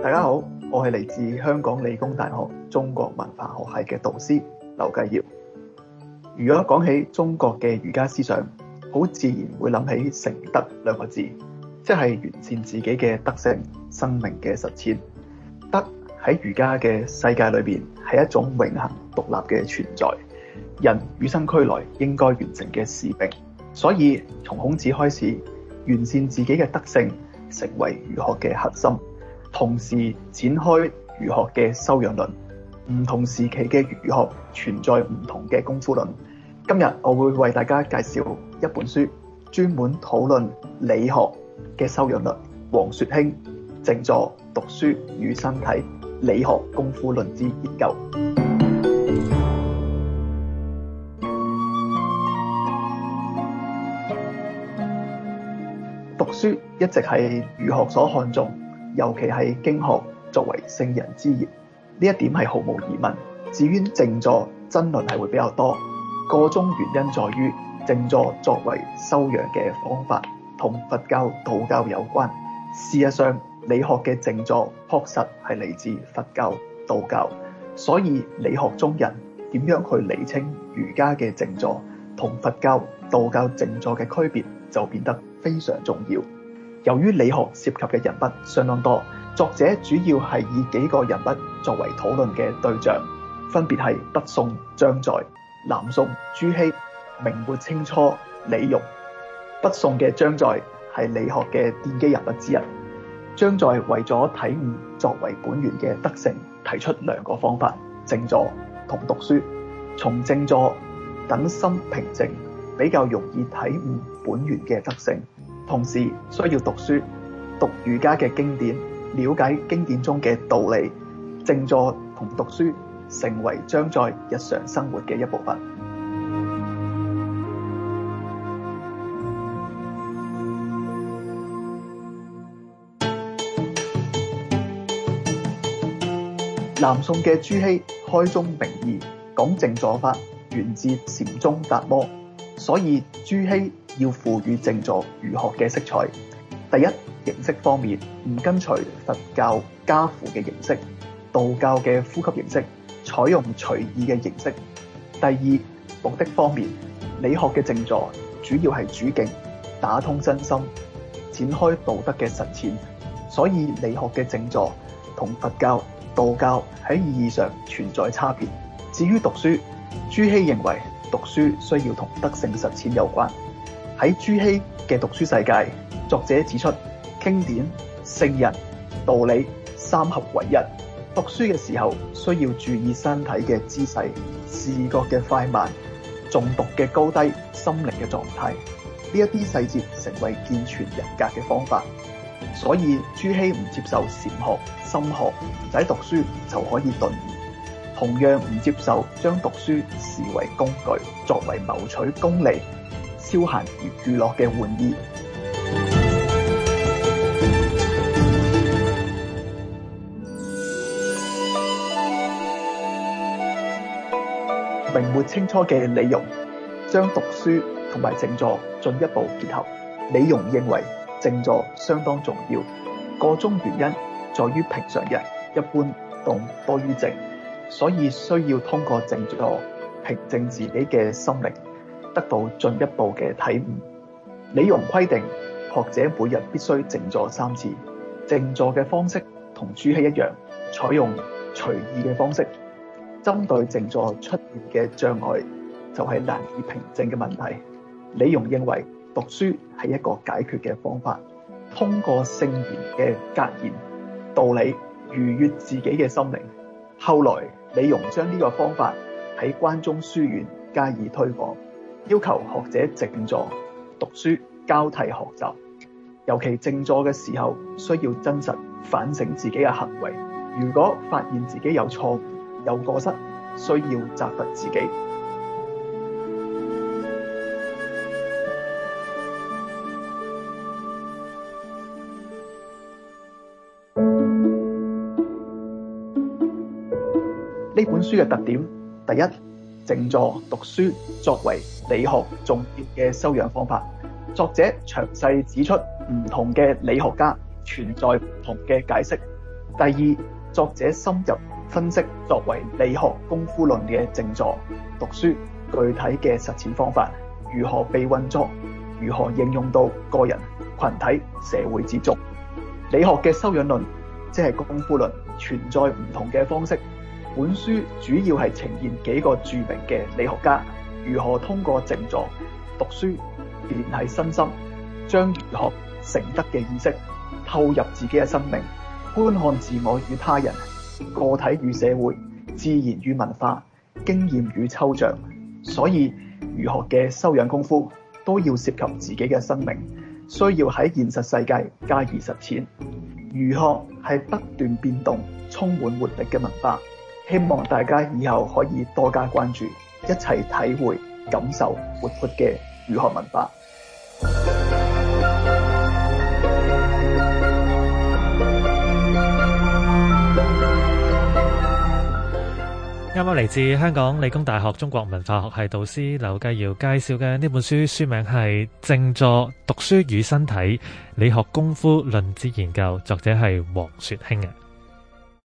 大家好，我係嚟自香港理工大學中國文化學系嘅導師劉繼堯。如果講起中國嘅儒家思想，好自然會諗起成德兩個字，即係完善自己嘅德性，生命嘅實踐。德喺儒家嘅世界裏邊係一種永恒獨立嘅存在，人與生俱來應該完成嘅使命。所以從孔子開始，完善自己嘅德性，成為儒學嘅核心。同時展開儒學嘅修養論，唔同時期嘅儒學存在唔同嘅功夫論。今日我會為大家介紹一本書專門討論理學嘅修養論。王雪卿，靜坐、讀書與身體：理學工夫論之研究。 讀書一直係儒學所看重。尤其係經學作為聖人之業，呢一點係毫無疑問。至於靜坐爭論係會比較多，個中原因在於靜坐作為修養嘅方法，同佛教道教有關。事實上，理學嘅靜坐確實係嚟自佛教道教，所以理學中人點樣去釐清儒家嘅靜坐同佛教道教靜坐嘅區別，就變得非常重要。由於理學涉及嘅人物相當多，作者主要係以幾個人物作為討論嘅對象，分別係北宋張載、南宋朱熹、明末清初李顒。北宋嘅張載係理學嘅奠基人物之一。張載為咗體悟作為本源嘅德性，提出兩個方法：靜坐同讀書。從靜坐等心平靜，比較容易體悟本源嘅德性。同時需要讀書，讀儒家嘅經典，了解經典中嘅道理，靜坐同讀書成為將在日常生活嘅一部分。南宋嘅朱熹開宗明義講靜坐法源自禪宗達摩。所以朱熹要賦予靜坐儒學嘅色彩。第一形式方面，唔跟隨佛教家父嘅形式、道教嘅呼吸形式，採用隨意嘅形式。第二目的方面，理學嘅靜坐主要係主境，打通真心，展開道德嘅實踐。所以理學嘅靜坐同佛教、道教喺意義上存在差別。至於讀書，朱熹認為。讀書需要同德性實踐有關。喺朱熹嘅讀書世界，作者指出，經典、聖人、道理三合為一。讀書嘅時候需要注意身體嘅姿勢、視覺嘅快慢、誦讀嘅高低、心靈嘅狀態。呢一啲細節成為健全人格嘅方法。所以朱熹唔接受禪學、心學，唔使讀書就可以頓同樣唔接受將讀書視為工具，作為謀取功利、消閒而娛樂嘅玩意。 明末清初嘅李容將讀書同埋靜坐進一步結合。李容認為靜坐相當重要，個中原因在於平常人一般動多於靜。所以需要通過靜坐平靜自己嘅心靈，得到進一步嘅體悟。李容規定學者每日必須靜坐三次。靜坐嘅方式同主氣一樣，採用隨意嘅方式。針對靜坐出現嘅障礙，就係、是、難以平靜嘅問題。李容認為讀書係一個解決嘅方法。通過聖言嘅格言道理，愉悅自己嘅心靈。後來。李容將呢個方法喺關中書院加以推廣，要求學者靜坐讀書，交替學習。尤其靜坐嘅時候，需要真實反省自己嘅行為。如果發現自己有錯誤、有過失，需要責罰自己。呢本書嘅特點，第一，靜坐讀書作為理學重點嘅修養方法。作者詳細指出唔同嘅理學家存在唔同嘅解釋。第二，作者深入分析作為理學功夫論嘅靜坐讀書具體嘅實踐方法，如何被運作，如何應用到個人、群體、社會之中。理學嘅修養論即係功夫論存在唔同嘅方式。本書主要係呈現幾個著名嘅理學家如何通過靜坐、讀書、聯繫身心，將儒學成德嘅意識透入自己嘅生命，觀看自我與他人、個體與社會、自然與文化、經驗與抽象。所以儒學嘅修養功夫都要涉及自己嘅生命，需要喺現實世界加以實踐。儒學係不斷變動、充滿活力嘅文化。希望大家以後可以多加關注，一齊體會、感受活潑嘅儒學文化。啱啱嚟自香港理工大學中國文化學系導師劉繼堯介紹嘅呢本書，書名係《靜坐、讀書與身體：理學工夫論之研究》，作者係王雪卿啊！